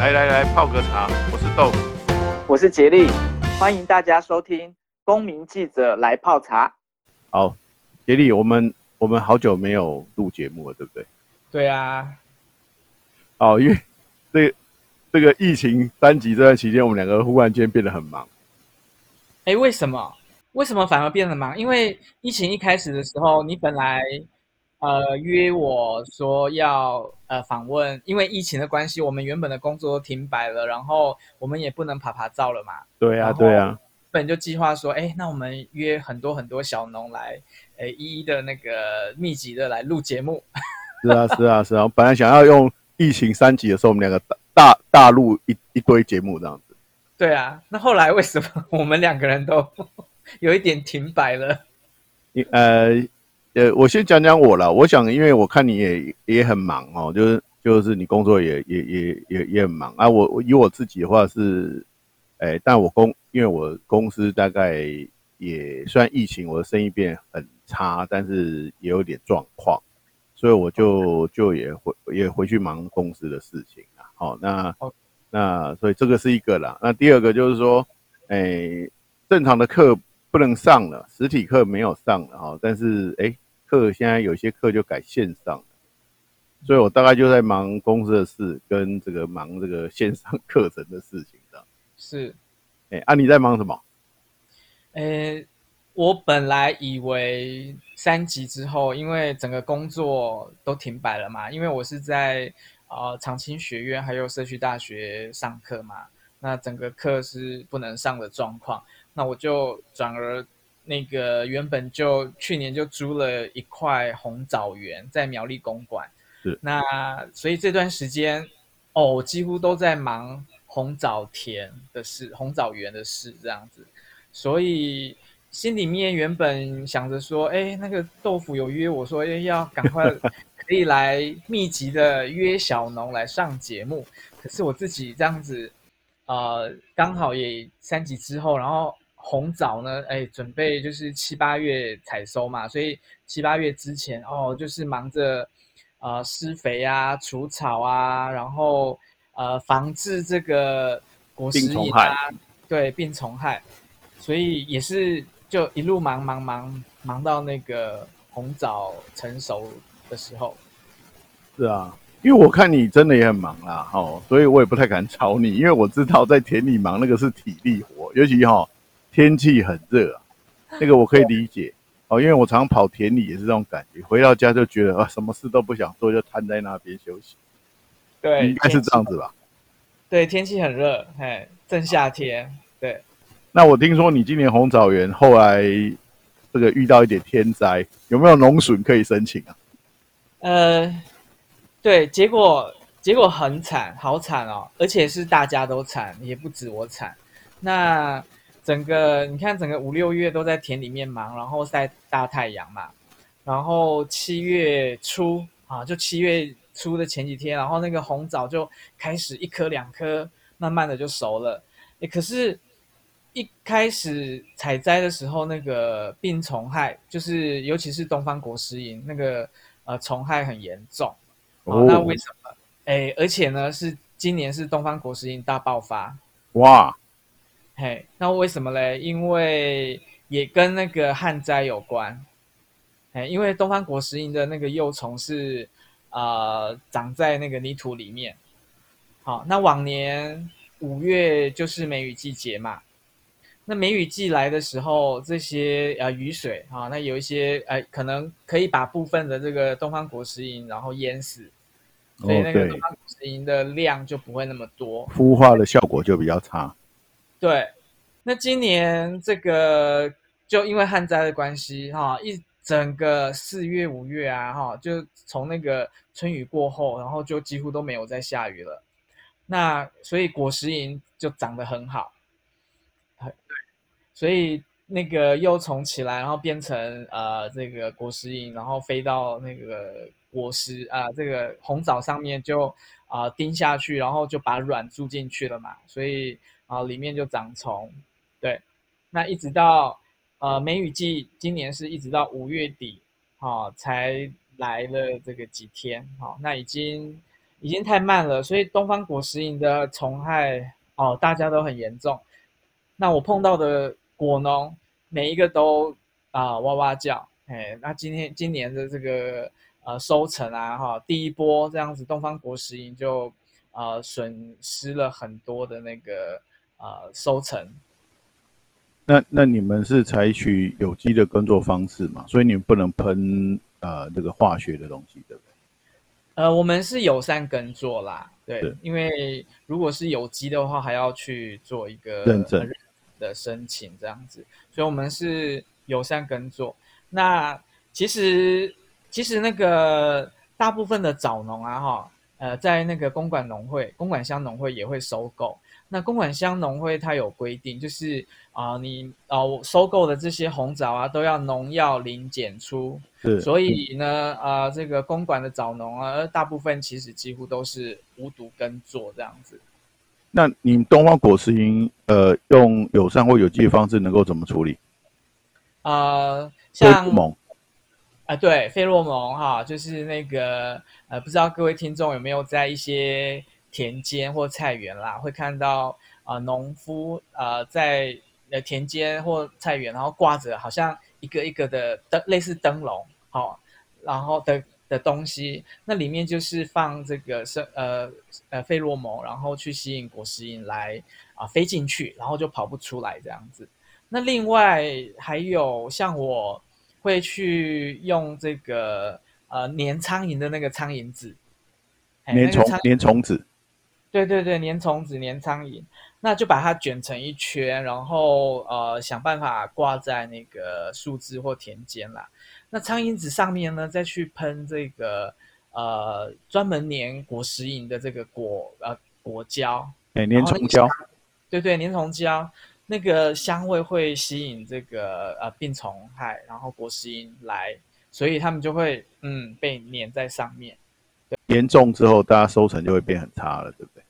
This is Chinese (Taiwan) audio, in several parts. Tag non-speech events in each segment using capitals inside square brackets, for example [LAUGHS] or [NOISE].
來來來，泡個茶。我是豆腐，我是傑利，歡迎大家收聽《公民記者來泡茶》。好，傑利，我們我們好久沒有錄節目了，對不對？對啊。哦，因為這個、這個疫情三級這段期間，我們兩個忽然間變得很忙。哎，為什麼？為什麼反而變得忙？因為疫情一開始的時候，你本來。呃，約我說要呃訪問，因為疫情的關係，我們原本的工作都停擺了，然後我們也不能拍拍照了嘛。對呀、啊，對呀。本就計劃說，哎、啊，那我們約很多很多小農來，呃，一一的那個密集的來錄節目。是啊，是啊，是啊。 [LAUGHS] 是啊，我本來想要用疫情三級的時候，我們兩個大大大錄一一堆節目這樣子。對啊，那後來為什麼我們兩個人都 [LAUGHS] 有一點停擺了 [LAUGHS] 因呃。呃，我先講講我啦。我想，因為我看你也也很忙哦，就是就是你工作也也也也也很忙啊。我，我以我自己的話是，誒、欸、但我公因為我公司大概也雖然疫情我的生意變很差，但是也有點狀況，所以我就 Okay. 就也回也回去忙公司的事情啦。好，那 Okay. 那所以這個是一個啦。那第二個就是說，誒、欸、正常的課不能上了，實體課沒有上了啊，但是誒。欸課現在有些課就改線上，所以我大概就在忙公司的事，跟這個忙這個線上課程的事情上。是，哎、欸，啊，你在忙什麼？呃、欸，我本來以為三級之後，因為整個工作都停擺了嘛，因為我是在呃長青學院還有社區大學上課嘛，那整個課是不能上的狀況，那我就轉而。那個原本就去年就租了一塊紅棗園在苗栗公館。是那所以這段時間哦幾乎都在忙紅棗田的事、紅棗園的事這樣子，所以心裡面原本想着說，哎，那個豆腐有約我說哎，要趕快可以來密集的約小農來上節目， [LAUGHS] 可是我自己這樣子啊、呃、剛好也三級之後，然後。紅棗呢？哎、欸，準備就是七八月採收嘛，所以七八月之前哦，就是忙着呃施肥啊、除草啊，然後呃防治這個果實蠅啊、病蟲害，對，對病蟲害，所以也是就一路忙忙忙、嗯、忙到那個紅棗成熟的時候。是啊，因為我看你真的也很忙啦，哦，所以我也不太敢吵你，因為我知道在田裡忙那個是體力活，尤其哈、哦。天氣很熱啊，那個我可以理解 [LAUGHS] 對哦，因為我常跑田裡也是這種感覺，回到家就覺得啊，什麼事都不想做，就癱在那邊休息。對，應該是這樣子吧。對，天氣很熱，嘿，正夏天。啊、對。那我聽說你今年紅棗園後來這個遇到一點天災，有沒有農損可以申請啊？呃，對，結果結果很慘，好慘哦，而且是大家都慘，也不止我慘。那。整個你看，整個五六月都在田裡面忙，然後曬大太陽嘛。然後七月初啊，就七月初的前幾天，然後那個紅棗就開始一顆兩顆，慢慢的就熟了。誒，可是，一開始採摘的時候，那個病蟲害，就是尤其是東方果實蠅，那個呃蟲害很嚴重。哦、啊。那為什麼？哎、oh.，而且呢，是今年是東方果實蠅大爆發。哇。Wow. 嘿，那為什麼嘞？因為也跟那個旱災有關，哎，因為東方果實蠅的那個幼蟲是呃長在那個泥土裡面。好、哦，那往年五月就是梅雨季節嘛，那梅雨季來的時候，這些呃雨水啊、哦，那有一些呃可能可以把部分的這個東方果實蠅然後淹死，所以那個東方果實蠅的量就不會那麼多、哦，孵化的效果就比較差。對。那今年這個就因為旱災的關係哈，一整個四月五月啊哈，就從那個春雨過後，然後就幾乎都沒有再下雨了。那所以果實蠅就長得很好，很所以那個幼蟲起來，然後變成呃這個果實蠅，然後飛到那個果實啊、呃、這個紅棗上面就啊叮、呃、下去，然後就把卵注進去了嘛，所以啊裡面就長蟲。那一直到，呃，梅雨季，今年是一直到五月底，哈、哦，才來了這個幾天，哈、哦，那已經已經太慢了，所以東方果實蠅的蟲害，哦，大家都很嚴重。那我碰到的果農每一個都啊、呃、哇哇叫，哎，那今天今年的這個呃收成啊，哈，第一波這樣子，東方果實蠅就啊、呃、損失了很多的那個呃收成。那那你們是採取有機的耕作方式嘛？所以你們不能噴呃這個化學的東西，對不對？呃，我們是友善耕作啦，對，是因為如果是有機的話，還要去做一個認證的申請，這樣子，證所以我們是友善耕作。那其實其實那個大部分的棗農啊，哈，呃，在那個公館農會、公館鄉農會也會收購。那公館鄉農會它有規定，就是。啊，你啊我收購的這些紅棗啊，都要農藥零檢出。對是。所以呢，啊、嗯呃，這個公館的棗農啊，大部分其實幾乎都是無毒耕作這樣子。那你東方果實營呃，用友善或有機的方式，能夠怎麼處理？呃，像，啊、呃，對，費洛蒙哈、啊，就是那個呃，不知道各位聽眾有沒有在一些田間或菜園啦，會看到啊，農、呃、夫呃在。呃，田間或菜園，然後掛着好像一個一個的燈，類似燈籠，好、哦，然後的的東西，那裡面就是放這個是呃呃費洛蒙，然後去吸引果實蠅來啊、呃、飛進去，然後就跑不出來這樣子。那另外還有像我會去用這個呃粘蒼蠅的那個蒼蠅紙，欸、粘蟲從粘蟲子，對對對，粘蟲子粘蒼蠅。那就把它捲成一圈，然後呃想辦法掛在那個樹枝或田間啦。那蒼蠅紙上面呢，再去噴這個呃專門粘果實蠅的這個果呃果膠，誒粘蟲膠，對對，粘蟲膠，那個香味會吸引這個呃病蟲害，然後果實蠅來，所以他們就會嗯被粘在上面。對。嚴重之後，大家收成就會變很差了，對不對？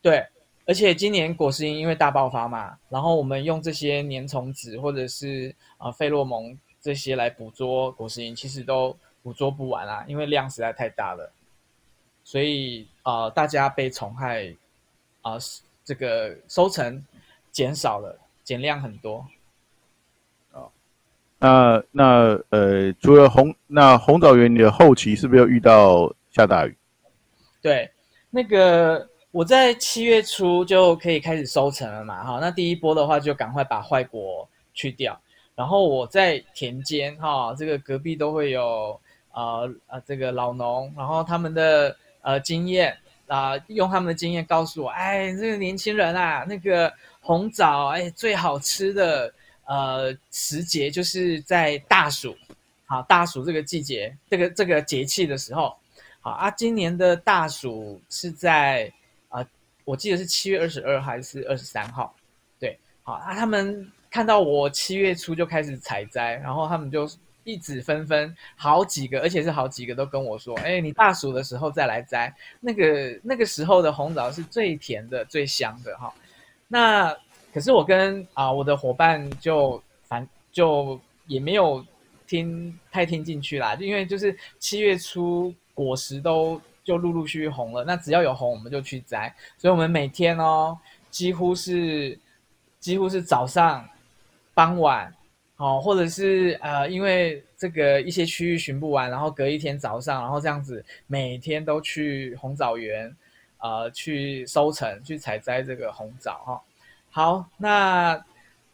對。而且今年果實蠅因為大爆發嘛，然後我們用這些粘蟲子或者是啊、呃、費洛蒙這些來捕捉果實蠅，其實都捕捉不完啊，因為量實在太大了。所以啊、呃，大家被蟲害啊、呃，這個收成減少了，減量很多。哦，那那呃，除了紅那紅棗園的後期，是不是又遇到下大雨？對，那個。我在七月初就可以開始收成了嘛，好，那第一波的話就趕快把壞果去掉，然後我在田間，哈、哦，這個隔壁都會有，呃、啊、這個老農，然後他們的呃經驗，啊、呃，用他們的經驗告訴我，哎，這、那個年輕人啊，那個紅棗，哎，最好吃的，呃，時節就是在大暑，好，大暑這個季節，這個這個節氣的時候，好啊，今年的大暑是在，我記得是七月二十二還是二十三號，對，好，啊，他們看到我七月初就開始採摘，然後他們就一直紛紛好幾個，而且是好幾個都跟我說，哎，你大暑的時候再來摘，那個那個時候的紅棗是最甜的，最香的哈。那可是我跟啊我的夥伴就反就也沒有聽太聽進去啦，就因為就是七月初果實都。就陸陸續續紅了，那只要有紅，我們就去摘。所以，我們每天哦，幾乎是，幾乎是早上、傍晚，好、哦，或者是呃，因為這個一些區域巡不完，然後隔一天早上，然後這樣子，每天都去紅棗園，呃，去收成、去採摘這個紅棗哈、哦。好，那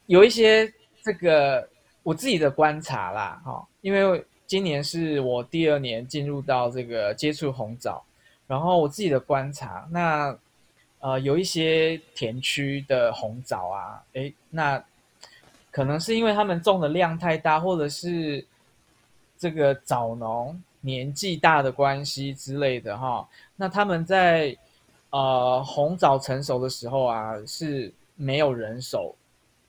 有一些這個我自己的觀察啦，哈、哦，因為。今年是我第二年進入到這個接觸紅棗，然後我自己的觀察，那呃有一些田區的紅棗啊，誒，那可能是因為他們種的量太大，或者是這個棗農年紀大的關係之類的哈，那他們在呃紅棗成熟的時候啊，是沒有人手，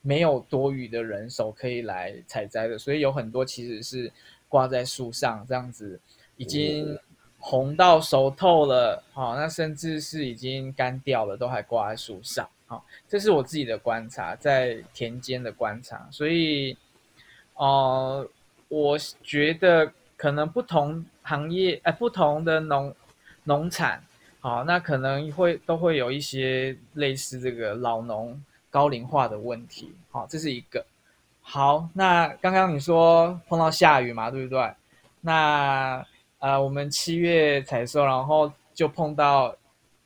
沒有多餘的人手可以來採摘的，所以有很多其實是。掛在樹上這樣子，已經紅到熟透了，好、哦，那甚至是已經乾掉了，都還掛在樹上，好、哦，這是我自己的觀察，在田間的觀察，所以，呃，我覺得可能不同行業，呃、哎，不同的農農產，好、哦，那可能會都會有一些類似這個老農高齡化的問題，好、哦，這是一個。好，那剛剛你說碰到下雨嘛，對不對？那呃，我們七月採收，然後就碰到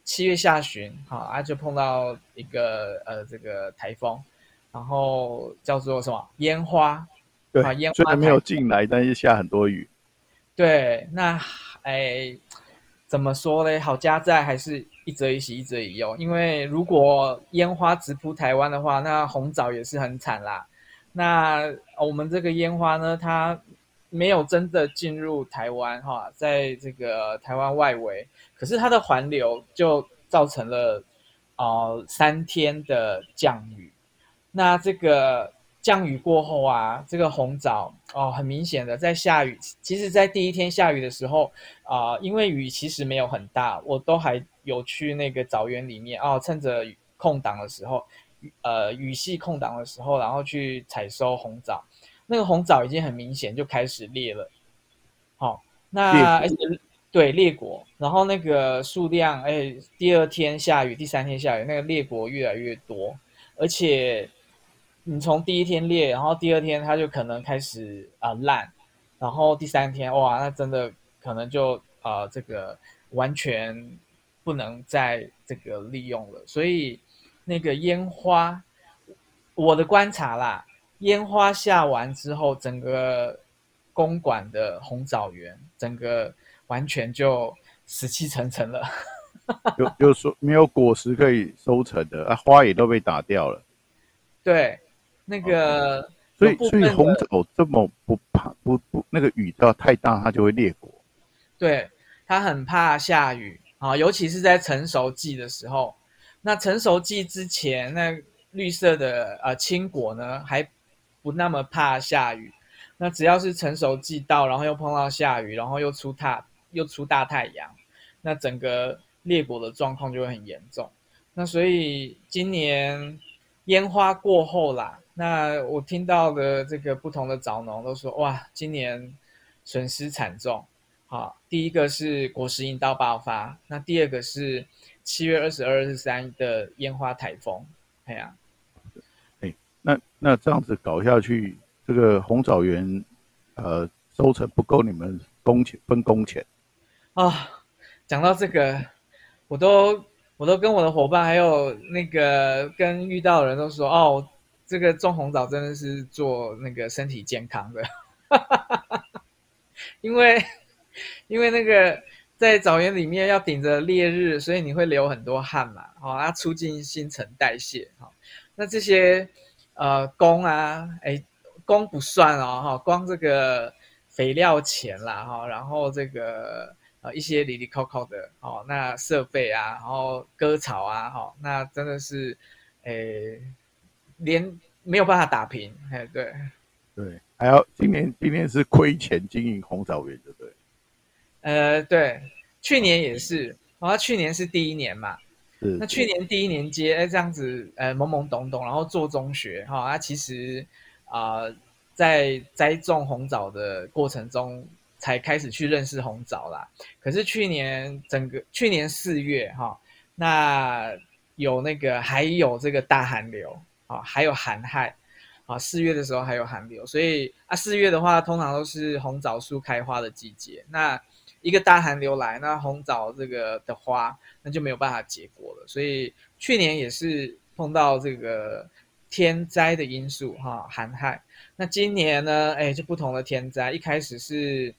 七月下旬，好啊，就碰到一個呃這個颱風，然後叫做什麼煙花？對、啊，煙花雖然沒有進來，但是下很多雨。對，那哎，怎麼說咧？好家在，還是一則以喜，一則以憂。因為如果煙花直撲台灣的話，那紅棗也是很慘啦。那我們這個煙花呢，它沒有真的進入台灣哈，在這個台灣外圍，可是它的環流就造成了，呃三天的降雨。那這個降雨過後啊，這個紅棗哦，很明顯的在下雨。其實，在第一天下雨的時候啊，呃，因為雨其實沒有很大，我都還有去那個棗園裡面哦，趁着空檔的時候。呃，雨隙空檔的時候，然後去採收紅棗，那個紅棗已經很明顯就開始裂了。好、哦，那裂國、哎、對裂果，然後那個數量，哎，第二天下雨，第三天下雨，那個裂果越來越多，而且你從第一天裂，然後第二天它就可能開始啊、呃、爛，然後第三天哇，那真的可能就啊、呃、這個完全不能再這個利用了，所以。那個煙花，我的觀察啦，煙花下完之後，整個公館的紅棗園，整個完全就死氣沉沉了， [LAUGHS] 就就說沒有果實可以收成的啊，花也都被打掉了。對，那個、啊、所以所以紅棗這麼不怕不不那個雨到太大它就會裂果，對，它很怕下雨啊，尤其是在成熟季的時候。那成熟季之前，那綠色的呃青果呢，還不那麼怕下雨。那只要是成熟季到，然後又碰到下雨，然後又出大又出大太陽，那整個裂果的狀況就會很嚴重。那所以今年煙花過後啦，那我聽到的這個不同的棗農都說，哇，今年損失慘重。好，第一個是果實蠅到爆發，那第二個是。七月二十二、二十三的煙花颱風，哎呀、啊欸，那那這樣子搞下去，這個紅棗園，呃，收成不夠你們工錢分工錢，啊、哦，講到這個，我都我都跟我的伙伴，還有那個跟遇到的人都說，哦，這個種紅棗真的是做那個身體健康的， [LAUGHS] 因為因為那個。在棗園裡面要頂着烈日，所以你會流很多汗嘛？好、哦，它促進新陳代謝。好、哦，那這些呃工啊，哎、欸、工不算哦，哈、哦，光這個肥料錢啦，哈、哦，然後這個呃一些里里扣扣的，哦，那設備啊，然後割草啊，哈、哦，那真的是，哎、呃，連沒有辦法打平，哎、欸，對，對，還要今年今年是虧錢經營紅棗園，就對。呃，對，去年也是，然後，哦，啊，去年是第一年嘛，嗯是，那去年第一年接，哎，這樣子，呃，懵懵懂懂，然後做中學哈、哦，啊，其實啊、呃，在栽種紅棗的過程中，才開始去認識紅棗啦。可是去年整個去年四月哈、哦，那有那個還有這個大寒流啊、哦，還有寒害啊，哦，四月的時候還有寒流，所以啊，四月的話通常都是紅棗樹開花的季節，那。一個大寒流來，那紅棗這個的花，那就沒有辦法結果了。所以去年也是碰到這個天災的因素，哈，寒害。那今年呢？哎，就不同的天災。一開始是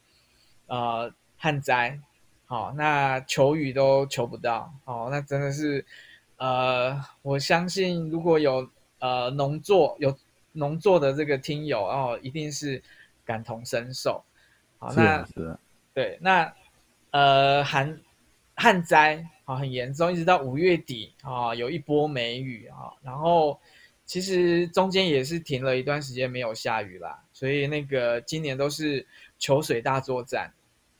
呃旱災，好、哦，那求雨都求不到，哦，那真的是呃，我相信如果有呃農作有農作的這個聽友哦，一定是感同身受。好，是啊、那。對，那呃，旱旱災啊很嚴重，一直到五月底啊、哦，有一波梅雨啊、哦，然後其實中間也是停了一段時間沒有下雨啦，所以那個今年都是求水大作戰，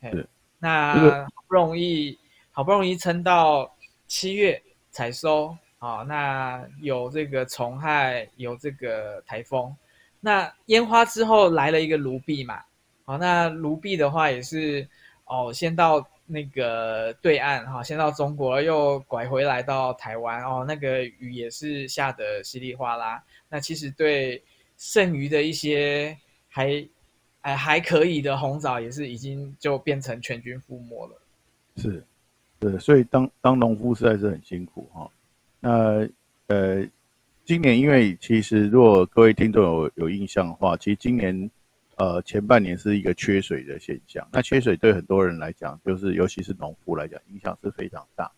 嘿，那好不容易，好不容易撐到七月採收啊、哦，那有這個蟲害，有這個颱風，那煙花之後來了一個盧碧嘛。好、哦，那盧碧的話也是哦，先到那個對岸哈、哦，先到中國，又拐回來到台灣哦，那個雨也是下得稀里嘩啦。那其實對剩餘的一些還哎、呃、還可以的紅棗，也是已經就變成全軍覆沒了。是，對，所以當當農夫實在是很辛苦哈、哦。那呃，今年因為其實如果各位聽眾有有印象的話，其實今年。呃，前半年是一個缺水的現象，那缺水對很多人來講，就是尤其是農夫來講，影響是非常大。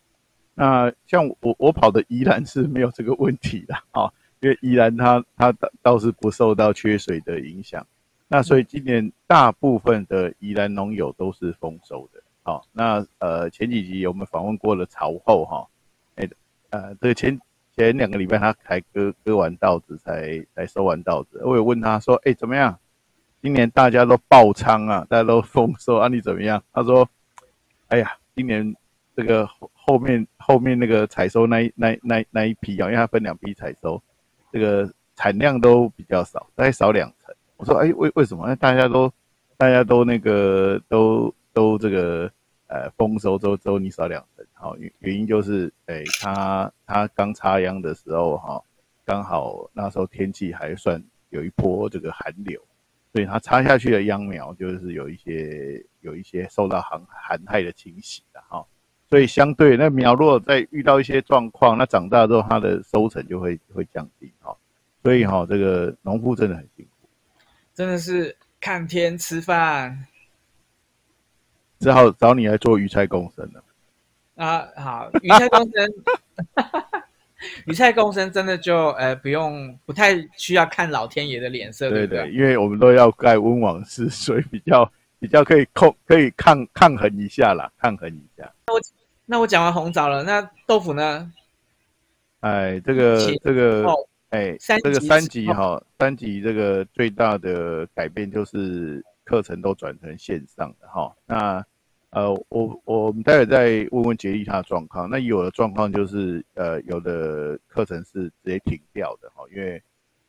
那像我我跑的宜蘭是沒有這個問題的哈、哦，因為宜蘭它它倒倒是不受到缺水的影響。那所以今年大部分的宜蘭農友都是豐收的。好，那呃前幾集我們訪問過了朝後哈、哦，哎呃這個前前兩個禮拜他開割割完稻子才才收完稻子，我有問他說哎怎麼樣？今年大家都爆倉啊，大家都豐收啊，你怎麼樣？他說：“哎呀，今年這個後面後面那個採收那一那那那一批啊、哦，因為它分兩批採收，這個產量都比較少，大概少兩成。”我說：“哎，為為什麼？大家都大家都那個都都這個呃豐收之後之後你少兩成，好、哦、原因就是哎，他他剛插秧的時候哈，剛、哦、好那時候天氣還算有一波這個寒流。”所以它插下去的秧苗就是有一些有一些受到寒寒害的侵襲的哈、哦，所以相對那苗落再遇到一些狀況，那長大之後它的收成就會會降低哈、哦，所以哈、哦、這個農夫真的很辛苦，真的是看天吃飯，只好找你來做魚菜共生了啊，好，魚菜共生。 [LAUGHS] 魚菜共生真的就，呃，不用，不太需要看老天爺的臉色，對，對，對不對？因為我們都要蓋溫網室，所以比較比較可以抗，可以抗抗衡一下啦，抗衡一下。那我那我講完紅棗了，那豆腐呢？哎，這個這個，哎，三這個三級哈，三級這個最大的改變就是課程都轉成線上的哈，那。呃，我我們待會再問問傑利他的狀況。那有的狀況就是，呃，有的課程是直接停掉的哈，因為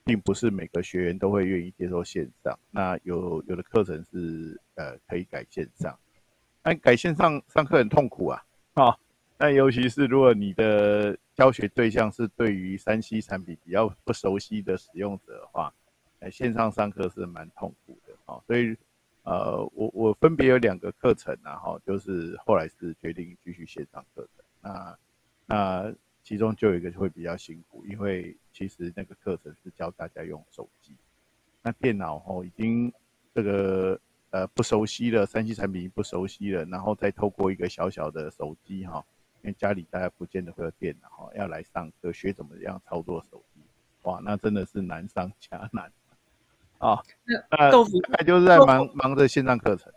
並不是每個學員都會願意接受線上。那有有的課程是呃可以改線上，那改線上上課很痛苦啊，好、哦，那尤其是如果你的教學對象是對於三 C 產品比較不熟悉的使用者的話，呃，線上上課是蠻痛苦的啊、哦，所以。呃，我我分別有兩個課程，啊，然後就是後來是決定繼續線上課程。那那其中就有一個會比較辛苦，因為其實那個課程是教大家用手機，那電腦哦，已經這個呃不熟悉了，3C 產品不熟悉了，然後再透過一個小小的手機哈，因為家裡大家不見得會有電腦哈，要來上課學怎麼樣操作手機，哇，那真的是難上加難。哦，那豆腐、呃、本來就是在忙腐忙着線上課程。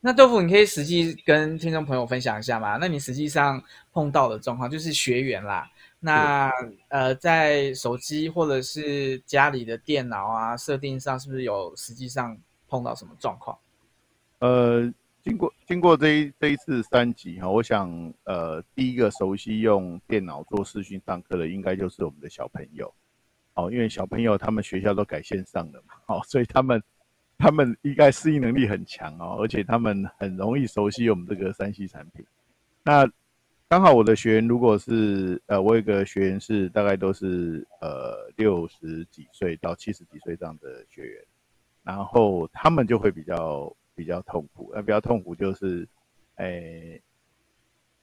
那豆腐，你可以實際跟聽眾朋友分享一下嘛？那你實際上碰到的狀況就是學員啦。那是呃，在手機或者是家裡的電腦啊，設定上是不是有實際上碰到什麼狀況？呃，經過經過這一這一次三級哈，我想呃，第一個熟悉用電腦做視訊上課的，應該就是我們的小朋友。哦，因為小朋友他們學校都改線上了嘛，哦，所以他們他們應該適應能力很強哦，而且他們很容易熟悉我們這個三 C 產品。那剛好我的學員如果是呃，我有一個學員是大概都是呃六十幾歲到七十幾歲這樣的學員，然後他們就會比較比較痛苦，呃，比較痛苦就是，哎、欸，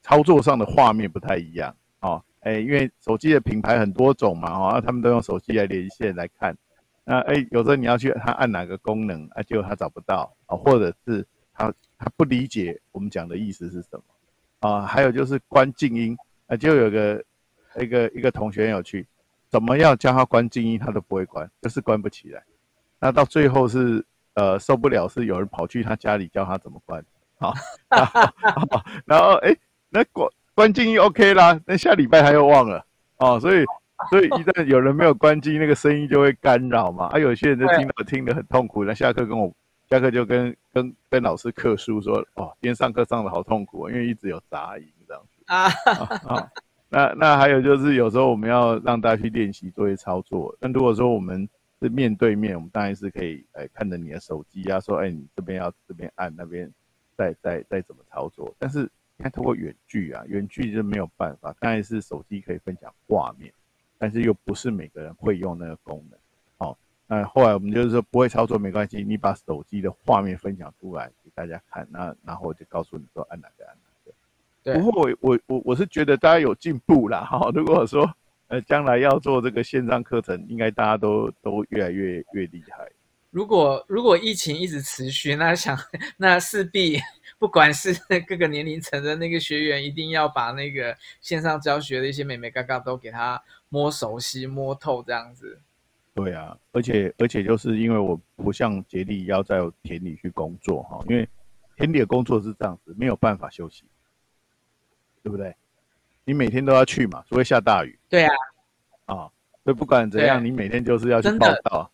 操作上的畫面不太一樣哦。哎、欸，因為手機的品牌很多種嘛，哦、啊，他們都用手機來連線來看。那哎、欸，有時候你要去他按哪個功能，啊，結果他找不到啊，或者是他他不理解我們講的意思是什麼啊。還有就是關靜音啊，就有個一個一個同學有去，怎麼要叫他關靜音，他都不會關，就是關不起來。那到最後是呃受不了，是有人跑去他家裡教他怎麼關。好、啊， [LAUGHS] 然後哎、欸，那果。關靜音 OK 啦，那下禮拜他又忘了哦，所以所以一旦有人沒有關機，那個聲音就會干擾嘛。啊，有些人就聽到聽得很痛苦，那下課跟我下課就跟跟跟老師課書說，哦，今天上課上的好痛苦、哦，因為一直有雜音這樣子啊、 [LAUGHS] 哦哦。那那還有就是有時候我們要讓大家去練習作業操作，那如果說我們是面對面，我們當然是可以哎看着你的手機啊，說哎、欸、你這邊要這邊按那邊再再再怎麼操作，但是。看，透過遠距啊，遠距是沒有辦法，但是手機可以分享畫面，但是又不是每個人會用那個功能。好、哦，那、呃、後來我們就是說不會操作沒關係，你把手機的畫面分享出來給大家看，那然後我就告訴你說按哪個按哪個。對不過我我我我是覺得大家有進步啦哈、哦。如果說呃將來要做這個線上課程，應該大家都都越來越越厲害。如果如果疫情一直持續，那想那勢必。 [LAUGHS] 不管是各個年齡層的那個學員，一定要把那個線上教學的一些眉眉角角都給他摸熟悉，摸透這樣子。對啊，而且而且就是因為我不像傑利要在我田裡去工作哈，因為田裡的工作是這樣子，沒有辦法休息，對不對？你每天都要去嘛，除非下大雨。對啊。啊、哦，所以不管怎樣，啊、你每天就是要去報到。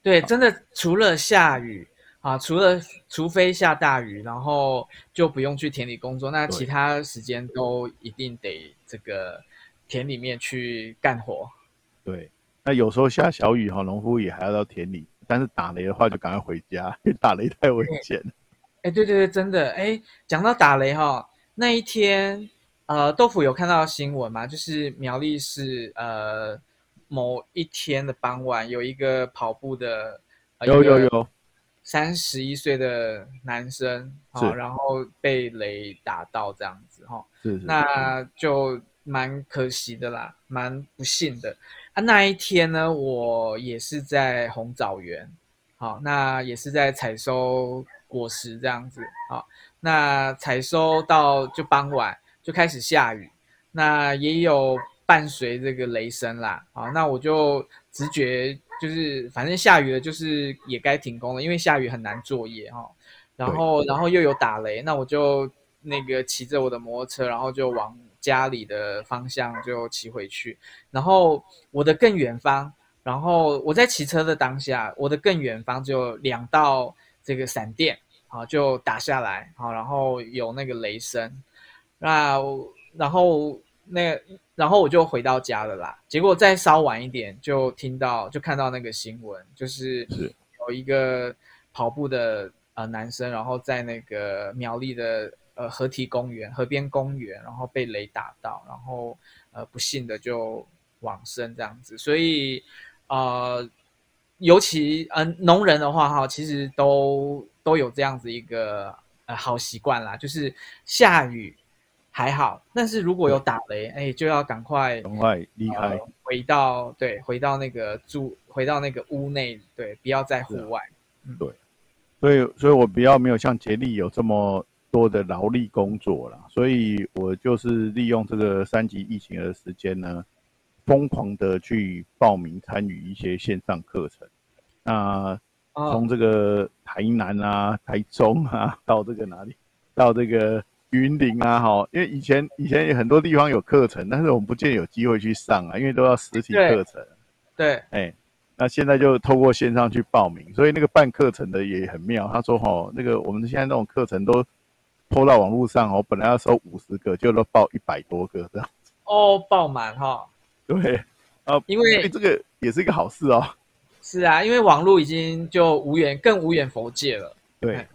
對，哦、真的，除了下雨。啊，除了除非下大雨，然後就不用去田裡工作，那其他時間都一定得這個田裡面去幹活。對，對，那有時候下小雨哈，農夫也還要到田裡，但是打雷的話就趕快回家，打雷太危險了。哎，對對對，真的哎，講到打雷哈，哦，那一天呃，豆腐有看到新聞嗎？就是苗栗市呃某一天的傍晚，有一個跑步的，有有有，呃。三十一歲的男生，好是、哦，然後被雷打到這樣子，哈、哦，是是那就蠻可惜的啦，蠻不幸的。啊，那一天呢，我也是在紅棗園，好、哦，那也是在採收果實這樣子，好、哦，那採收到就傍晚就開始下雨，那也有伴隨這個雷聲啦，好、哦，那我就直覺。就是，反正下雨了，就是也該停工了，因為下雨很難作業哈、哦。然後，然後又有打雷，那我就那個騎着我的摩托車，然後就往家裡的方向就騎回去。然後我的更遠方，然後我在騎車的當下，我的更遠方就有兩道這個閃電好、啊、就打下來好、啊，然後有那個雷聲，那然後那。然後我就回到家了啦，結果再稍晚一點就聽到，就看到那個新聞，就是有一個跑步的呃男生，然後在那個苗栗的呃河堤公園、河邊公園，然後被雷打到，然後呃不幸的就往生這樣子。所以，呃，尤其嗯、呃、農人的話哈，其實都都有這樣子一個呃好習慣啦，就是下雨。還好，但是如果有打雷，哎、對、欸，就要趕快，趕快離開，呃、害回到對，回到那個住，回到那個屋內，對，不要在戶外。對，嗯、對，所以，所以，我比較沒有像傑利有這麼多的勞力工作啦。所以我就是利用這個三級疫情的時間呢，瘋狂的去報名參與一些線上課程。那從這個台南啊、台中啊，到這個哪裡，到這個。雲林啊，哈，因為以前以前有很多地方有課程，但是我們不見得有機會去上啊，因為都要實體課程對。對。哎、欸，那現在就透過線上去報名，所以那個辦課程的也很妙，他說哈，那個我們現在這種課程都 PO 到網絡上哦，本來要收五十個，就都報一百多個這樣。哦，爆滿哈、哦。對。啊、呃，因為，因為這個也是一個好事哦。是啊，因為網絡已經就無遠，更無遠弗屆了。嗯、對。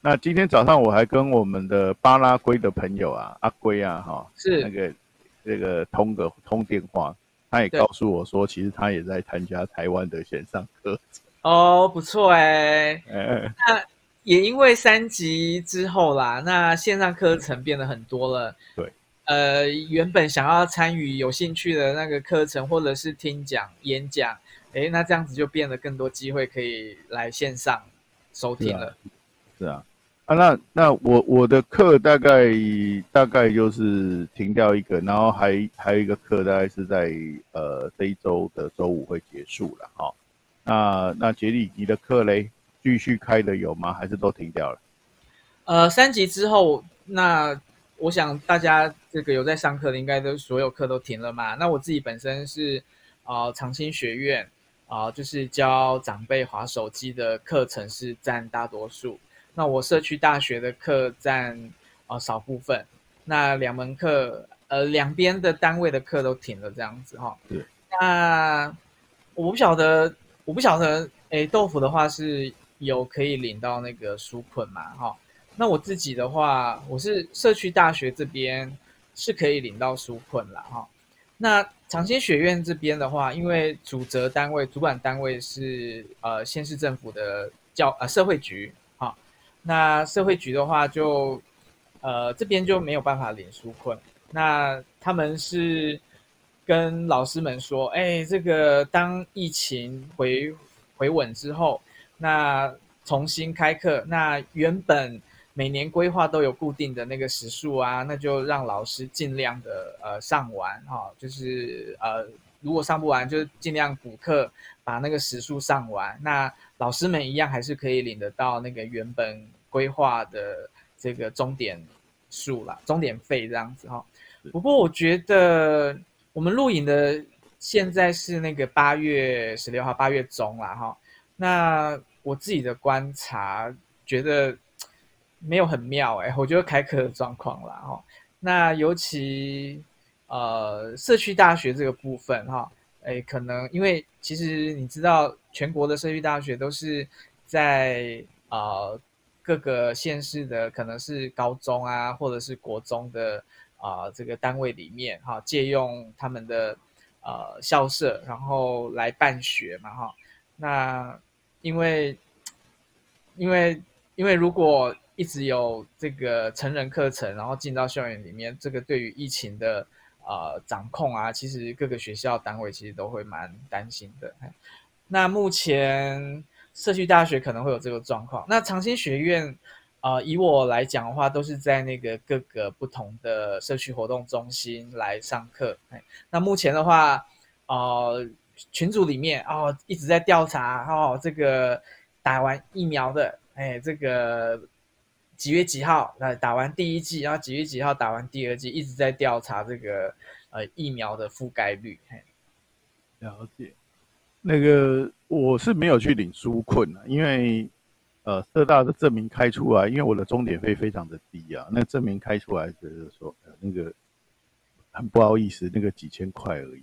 那今天早上我還跟我們的巴拉圭的朋友啊，阿圭啊，哈，是那個那個通個通電話，他也告訴我說，其實他也在參加台灣的線上課程。對哦，不錯哎、欸。欸、那也因為三級之後啦，那線上課程變得很多了。嗯、對。呃，原本想要參與有興趣的那個課程，或者是聽講演講，哎、欸，那這樣子就變得更多機會可以來線上收聽了。是啊，啊那那我我的課大概大概就是停掉一個，然後還還有一個課大概是在呃這一周的周五會結束了哈。那那傑利你的課嘞，繼續開的有嗎？還是都停掉了？呃，三級之後，那我想大家這個有在上課的應該都所有課都停了嘛？那我自己本身是啊、呃、長青學院啊、呃，就是教長輩滑手機的課程是佔大多數。那我社區大學的課占啊少部分，那兩門課，呃兩邊的單位的課都停了，這樣子哈。對。嗯、那我不曉得，我不曉得，誒、欸，豆腐的話是有可以領到那個紓困嘛，哈。那我自己的話，我是社區大學這邊是可以領到紓困了哈。那長青學院這邊的話，因為主責單位、嗯、主管單位是呃，縣市政府的教呃社會局。那社會局的話就，就呃這邊就沒有辦法領紓困，那他們是跟老師們說，哎，這個當疫情回回穩之後，那重新開課，那原本每年規劃都有固定的那個時數啊，那就讓老師盡量的呃上完哈、哦，就是呃如果上不完，就盡量補課，把那個時數上完。那老師們一樣還是可以領得到那個原本，規劃的這個鐘點數啦，鐘點費這樣子哈、哦。不過我覺得我們錄影的現在是那個八月十六號，八月中啦哈、哦。那我自己的觀察覺得沒有很妙哎、欸，我覺得開課的狀況啦哈、哦。那尤其呃社區大學這個部分哈、哦，哎，可能因為其實你知道，全國的社區大學都是在啊。呃各個縣市的可能是高中啊，或者是國中的啊，這個單位裡面哈，借用他們的呃校舍，然後來辦學嘛哈。那因為因為因為如果一直有這個成人課程，然後進到校園裡面，這個對於疫情的呃掌控啊，其實各個學校單位其實都會蠻擔心的。那目前。社區大學可能會有這個狀況。那長青學院，啊、呃，以我來講的話，都是在那個各個不同的社區活動中心來上課。哎，那目前的話，呃，群組裡面哦，一直在調查哦，這個打完疫苗的，哎，這個幾月幾號，打完第一劑，然後幾月幾號打完第二劑，一直在調查這個呃疫苗的覆蓋率。嘿，了解。那個我是沒有去領紓困，啊、因為呃社大的證明開出來，因為我的鐘點費非常的低啊，那證明開出來就是說，呃、那個很不好意思，那個幾千塊而已，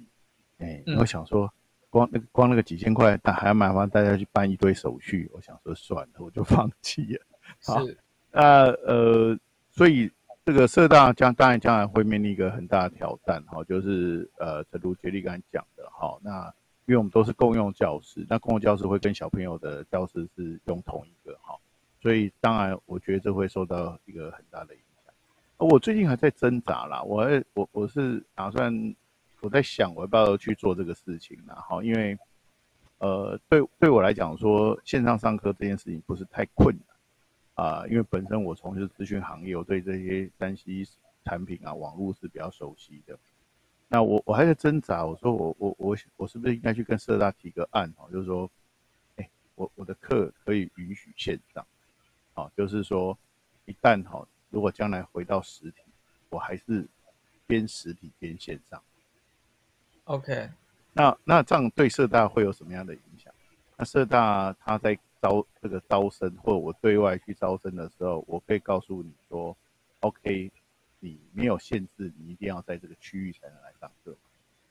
哎、欸，嗯、我想說光那個光那個幾千塊，但還要麻煩大家去辦一堆手續，我想說算了，我就放棄了。是，那呃所以這個社大將當然將來會面臨一個很大的挑戰，哈、哦，就是呃正如傑利剛才講的，哈、哦、那。因為我們都是共用教室，那共用教室會跟小朋友的教室是用同一個哈，所以當然我覺得這會受到一個很大的影響、呃。我最近還在掙扎啦，我還我我是打算我在想我要不要去做這個事情啦，哈，因為呃對對我來講說線上上課這件事情不是太困難啊、呃，因為本身我從事資訊行業，我對這些東西產品啊網絡是比較熟悉的。那我我還在掙扎，我說我我我我是不是應該去跟社大提個案哈？就是說，哎、欸，我我的課可以允許線上，好、啊，就是說，一旦哈，如果將來回到實體，我還是邊實體邊線上。OK，那那這樣對社大會有什麼樣的影響？那社大他在招這個招生，或者我對外去招生的時候，我可以告訴你說，OK，你沒有限制，你一定要在這個區域才能。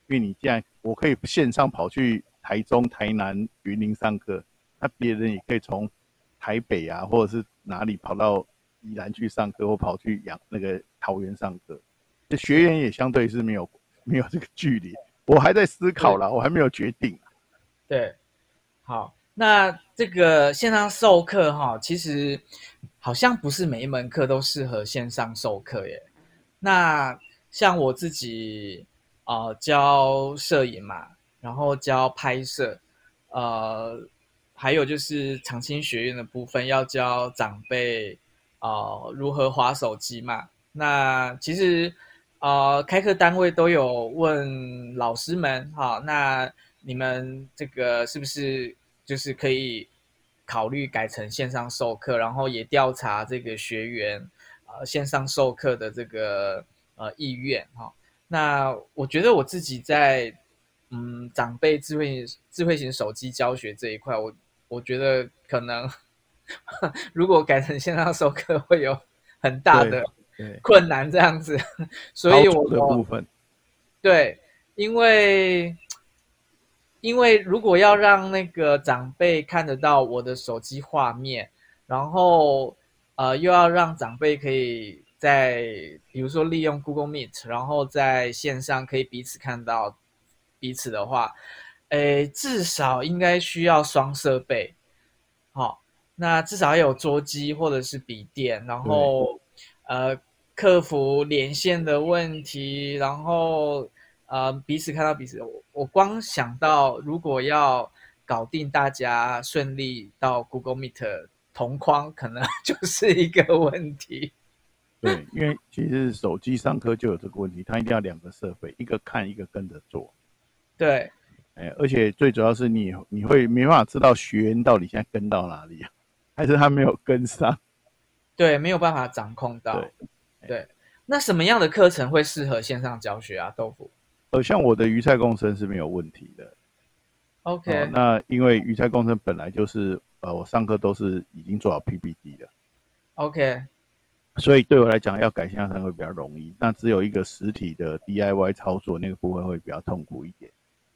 因為你現在，我可以線上跑去台中、台南、雲林上課，那別人也可以從台北啊，或者是哪裡跑到宜蘭去上課，或跑去養那個桃園上課，這學員也相對是沒有沒有這個距離。我還在思考啦，對我還沒有決定。對，好，那這個線上授課哈，其實好像不是每一門課都適合線上授課耶。那像我自己。啊、呃，教攝影嘛，然後教拍攝，呃，還有就是長青學院的部分要教長輩啊、呃、如何滑手機嘛。那其實啊、呃，開課單位都有問老師們哈、哦，那你們這個是不是就是可以考慮改成線上授課，然後也調查這個學員啊線上授課的這個呃意願哈。哦那我覺得我自己在嗯，長輩智慧智慧型手機教學這一塊，我我覺得可能如果改成線上授課，會有很大的困難。這樣子， [LAUGHS] 所以我的部分對，因為因為如果要讓那個長輩看得到我的手機畫面，然後呃，又要讓長輩可以。在比如說利用 Google Meet，然後在線上可以彼此看到彼此的話，誒，至少應該需要雙設備，好、哦，那至少要有桌機或者是筆電，然後、嗯、呃克服連線的問題，然後呃彼此看到彼此，我我光想到如果要搞定大家順利到 Google Meet 同框，可能就是一個問題。 [LAUGHS] 對，因為其實手機上課就有這個問題，他一定要兩個設備，一個看，一個跟着做。對，而且最主要是你你會沒辦法知道學員到底現在跟到哪裡，還是他沒有跟上。對，沒有辦法掌控到。對，對。那什麼樣的課程會適合線上教學啊？豆腐。呃，像我的魚菜共生是沒有問題的。OK。呃，那因為魚菜共生本來就是，呃，我上課都是已經做好 PPT 的。OK。所以對我來講，要改線上會比較容易。那只有一個實體的 DIY 操作那個部分會比較痛苦一點。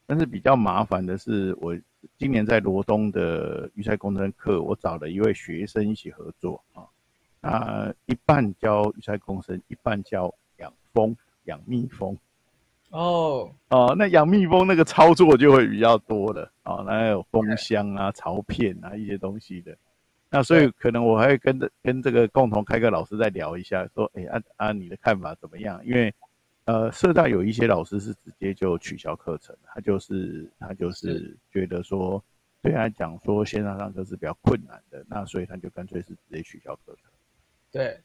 但是比較麻煩的是，我今年在羅東的魚菜共生課，我找了一位學生一起合作啊。一半教魚菜共生，一半教養蜂、養蜜蜂。哦哦、oh. 啊，那養蜜蜂那個操作就會比較多了啊，那有蜂箱啊、巢片啊一些東西的。那所以可能我還會跟着跟這個共同開課老師再聊一下，說，哎，啊啊，你的看法怎麼樣？因為，呃，社大有一些老師是直接就取消課程，他就是他就是覺得說，對他來講說線上上課是比較困難的，那所以他就乾脆是直接取消課程。對，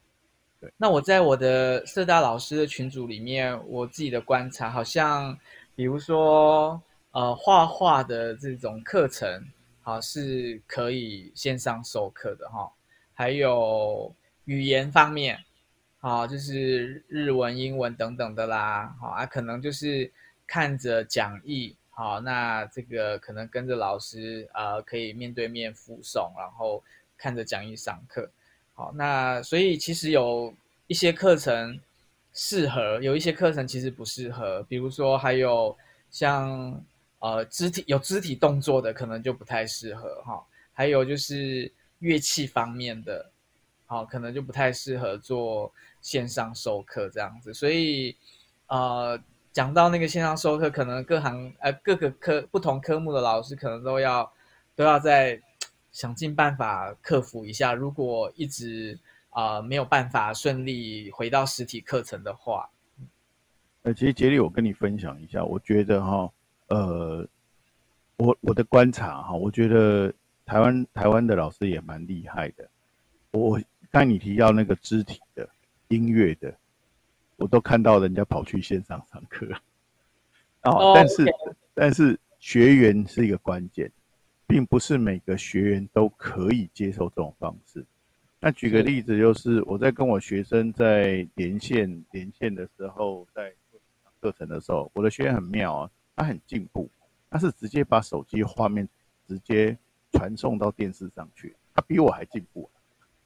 對。那我在我的社大老師的群組裡面，我自己的觀察，好像比如說，呃，畫畫的這種課程。好、哦，是可以線上授課的哈、哦，還有語言方面，好、哦，就是日文、英文等等的啦，好、哦、啊，可能就是看着講義，好、哦，那這個可能跟着老師啊、呃，可以面對面複誦，然後看着講義上課，好、哦，那所以其實有一些課程適合，有一些課程其實不適合，比如說還有像。呃，肢體有肢體動作的可能就不太適合哈、哦，還有就是樂器方面的，好、哦，可能就不太適合做線上授課這樣子。所以，呃，講到那個線上授課，可能各行呃各個科不同科目的老師可能都要都要再想盡辦法克服一下。如果一直啊、呃、沒有辦法順利回到實體課程的話，呃，其實傑利，我跟你分享一下，我覺得哈、哦。呃，我我的觀察哈、啊，我覺得台灣台灣的老師也蠻厲害的。我剛剛你提到那個肢體的、音樂的，我都看到人家跑去線上上課。哦、啊。但是，oh, okay. 但是學員是一個關鍵，並不是每個學員都可以接受這種方式。那舉個例子，就是我在跟我學生在連線連線的時候，在課程課程的時候，我的學員很妙啊。他很進步，他是直接把手機畫面直接傳送到電視上去，他比我還進步，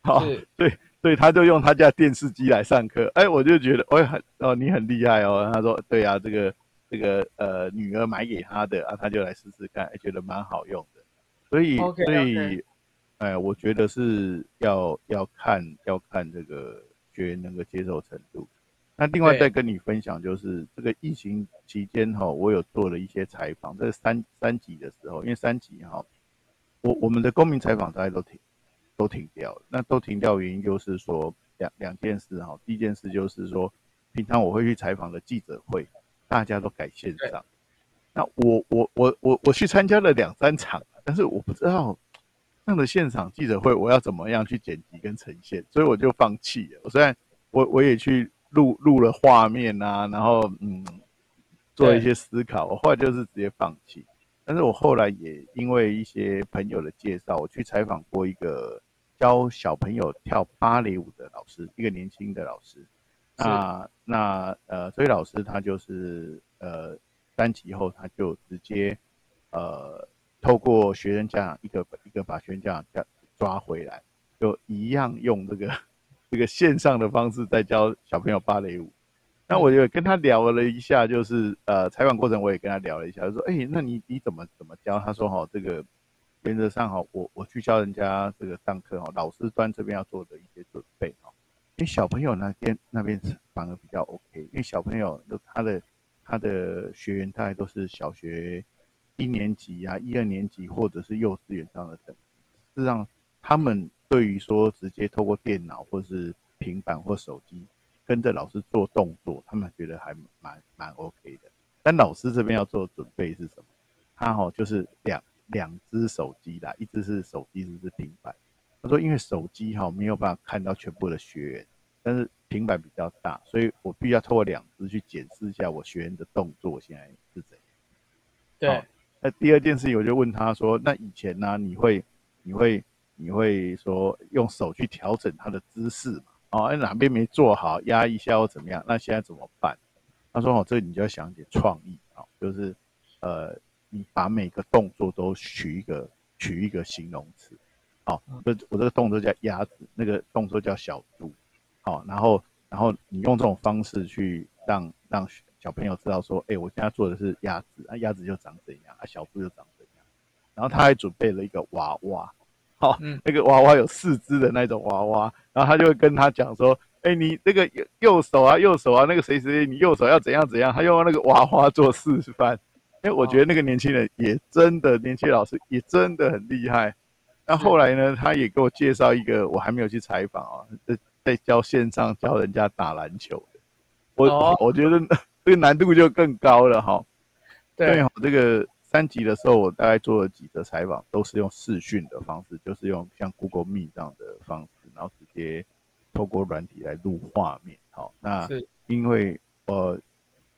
啊。好，是 對對，他就用他家電視機來上課，哎，我就覺得，哎，很哦，你很厲害哦。他說，對啊，這個這個呃，女兒買給他的啊，他就來試試看，哎，覺得蠻好用的。所以所以，哎，我覺得是要要看要看這個學員能夠接受程度。那另外再跟你分享，就是這個疫情期間哈，我有做了一些採訪。在三三級的時候，因為三級哈，我我們的公民採訪大家都停，都停掉了。那都停掉原因就是說兩兩件事哈。第一件事就是說，平常我會去採訪的記者會，大家都改線上。那我我我我我去參加了兩三場，但是我不知道這樣的現場記者會我要怎麼樣去剪輯跟呈現，所以我就放棄了。我雖然我我也去。錄錄了畫面啊，然後嗯，做一些思考。對我後來就是直接放棄。但是我後來也因為一些朋友的介紹，我去採訪過一個教小朋友跳芭蕾舞的老師，一個年輕的老師。是那那呃，所以老師他就是呃，三級以後他就直接呃，透過學生家長一個一個把學生家長抓回來，就一樣用這個。這個線上的方式在教小朋友芭蕾舞，那我就跟他聊了一下，就是呃採訪過程我也跟他聊了一下，他、就是、說：哎、欸，那你你怎麼怎麼教？他說：哈、哦，這個原則上哈、哦，我我去教人家這個上課哦，老師端這邊要做的一些準備、哦、因為小朋友那邊那邊反而比較 OK，因為小朋友他的他的學員大概都是小學一年級啊、一二年級或者是幼稚園這樣的等，是讓他們。對於說直接透過電腦或是平板或手機跟着老師做動作，他們覺得還蠻蠻，蠻 OK 的。但老師這邊要做的準備是什麼？他哈、哦、就是兩兩隻手機啦，一隻是手機，一隻是平板。他說因為手機哈、哦、沒有辦法看到全部的學員，但是平板比較大，所以我必須要透過兩隻去檢視一下我學員的動作現在是怎樣、哦。對。那第二件事我就問他說，那以前呢你會你會？你會你會說用手去調整他的姿勢嘛？哦，哎、欸，哪邊沒做好，壓一下或怎麼樣？那現在怎麼辦？他說：“哦，這你就要想一點創意啊、哦，就是，呃，你把每個動作都取一個取一個形容詞，哦，這我這個動作叫鴨子，那個動作叫小豬，好、哦，然後然後你用這種方式去讓讓小朋友知道說，哎、欸，我現在做的是鴨子，那、啊、鴨子就長怎樣，那、啊、小豬就長怎樣？然後他還準備了一個娃娃。”好，哦、那個娃娃有四肢的那種娃娃，然後他就會跟他講說：“哎，你那個右手啊，右手啊，那個誰誰，你右手要怎樣怎樣。”他用那個娃娃做示範。哎，我覺得那個年輕人也真的，年輕老師也真的很厲害。那後來呢，他也給我介紹一個，我還沒有去採訪啊，在在教線上教人家打籃球的。我、哦、我覺得這個難度就更高了哈、哦。對，好這個。三級的時候，我大概做了幾個採訪，都是用視訊的方式，就是用像 Google Meet 這樣的方式，然後直接透過軟體來錄畫面。好，那因為呃，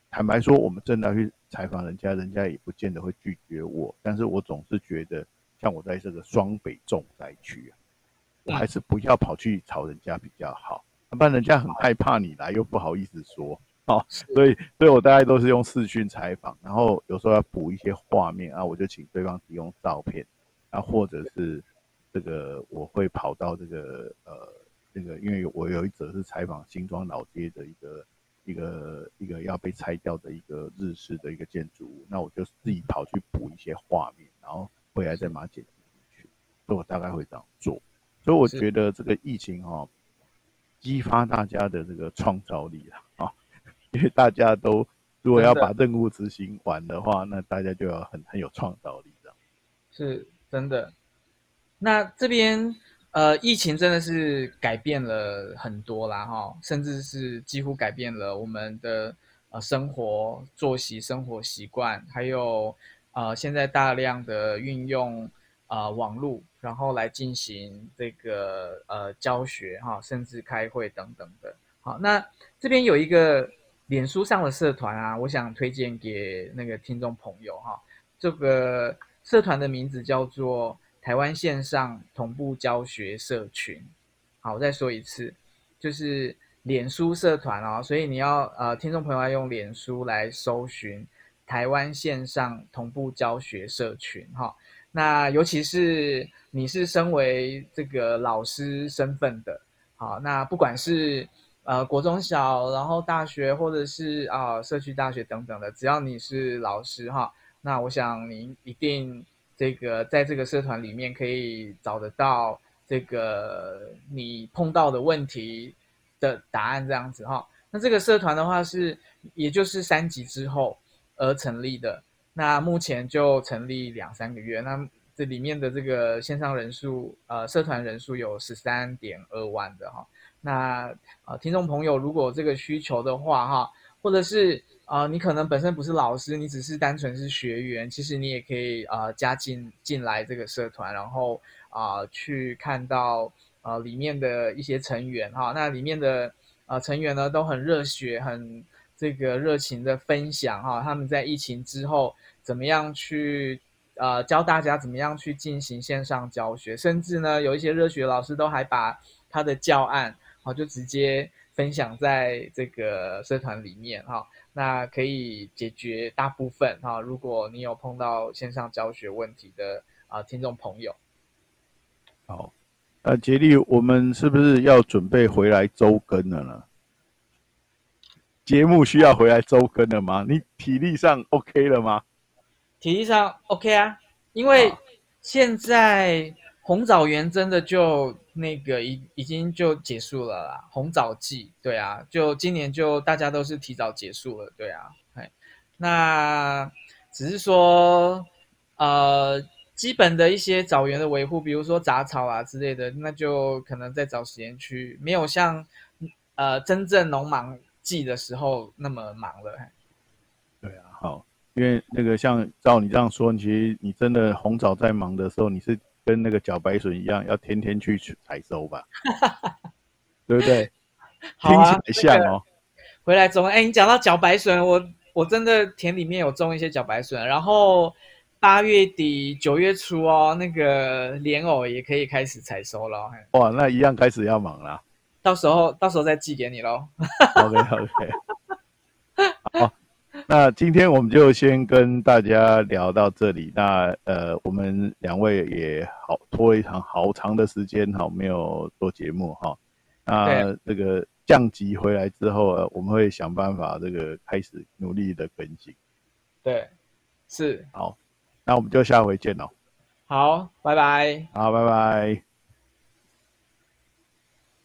坦白說，我們正在去採訪人家，人家也不見得會拒絕我。但是我總是覺得，像我在這個雙北重災區啊，我還是不要跑去吵人家比較好，啊，不然人家很害怕你來，又不好意思說。好，所以，所以我大概都是用視訊採訪，然後有時候要補一些畫面啊，我就請對方提供照片，啊，或者是這個我會跑到這個呃，這個因為我有一則是採訪新莊老街的一個一個一個要被拆掉的一個日式的一個建築物，那我就自己跑去補一些畫面，然後回來再把它剪輯進去，所以我大概會這樣做，所以我覺得這個疫情哈、哦，激發大家的這個創造力了啊。啊因為大家都如果要把任務執行完的話，的那大家就要很很有創造力，這樣是真的。那這邊呃，疫情真的是改變了很多啦，哈、哦，甚至是幾乎改變了我們的呃生活作息、生活習慣，還有呃現在大量的運用啊、呃、網絡，然後來進行這個呃教學，哈、哦，甚至開會等等的。好，那這邊有一個。臉書上的社團啊，我想推薦給那個聽眾朋友哈、哦。這個社團的名字叫做台灣線上同步教學社群。好，我再說一次，就是臉書社團哦。所以你要呃，聽眾朋友要用臉書來搜尋台灣線上同步教學社群哈。那尤其是你是身為這個老師身份的，好，那不管是。呃，國中小，然後大學，或者是啊、呃，社區大學等等的，只要你是老師哈，那我想您一定這個在這個社團裡面可以找得到這個你碰到的問題的答案，這樣子哈。那這個社團的話是也就是三級之後而成立的，那目前就成立兩三個月，那這裡面的這個線上人數，呃，社團人數有十三點二萬的哈。那啊、呃，聽眾朋友，如果這個需求的話，哈，或者是啊、呃，你可能本身不是老師，你只是單純是學員，其實你也可以啊、呃，加進進來這個社團，然後啊、呃，去看到呃裡面的一些成員哈，那裡面的啊、呃、成員呢都很熱血，很這個熱情的分享哈，他們在疫情之後怎麼樣去啊、呃、教大家怎麼樣去進行線上教學，甚至呢，有一些熱血老師都還把他的教案。好，就直接分享在這個社團裡面哈、哦，那可以解決大部分哈、哦。如果你有碰到線上教學問題的啊、呃，聽眾朋友，好，那傑利，我們是不是要準備回來周更了呢？節目需要回來周更了嗎？你體力上 OK 了嗎？體力上 OK 啊，因為現在。啊紅棗園真的就那個已已經就結束了啦，紅棗季，對啊，就今年就大家都是提早結束了，對啊，嘿。那只是說，呃，基本的一些棗園的維護，比如說雜草啊之類的，那就可能再找時間去，沒有像呃真正農忙季的時候那麼忙了，對啊，好，因為那個像照你這樣說，你其實你真的紅棗在忙的時候，你是。跟那個茭白筍一樣，要天天去去採收吧， [LAUGHS] 對不對？好啊、聽起來像哦。那個、回來種哎、欸，你講到茭白筍，我我真的田裡面有種一些茭白筍，然後八月底九月初哦，那個蓮藕也可以開始採收了。哇，那一樣開始要忙啦。到時候到時候再寄給你咯。 [LAUGHS] OK OK。 [LAUGHS] 好。 [LAUGHS] 那今天我們就先跟大家聊到這裡。那呃，我們兩位也好拖一場好長的時間，好沒有做節目哈、哦。那對這個降級回來之後啊，我們會想辦法這個開始努力的更新。對，是好。那我們就下回見嘍。好，拜拜。好，拜拜。